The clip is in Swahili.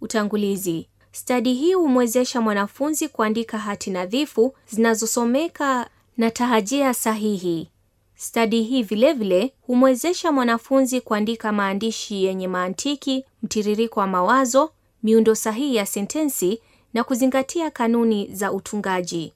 Utangulizi. Stadi hii humwezesha mwanafunzi kuandika hati nadhifu zinazosomeka na tahajia sahihi. Stadi hii vilevile humwezesha mwanafunzi kuandika maandishi yenye mantiki, mtiririko wa mawazo, miundo sahihi ya sentensi na kuzingatia kanuni za utungaji.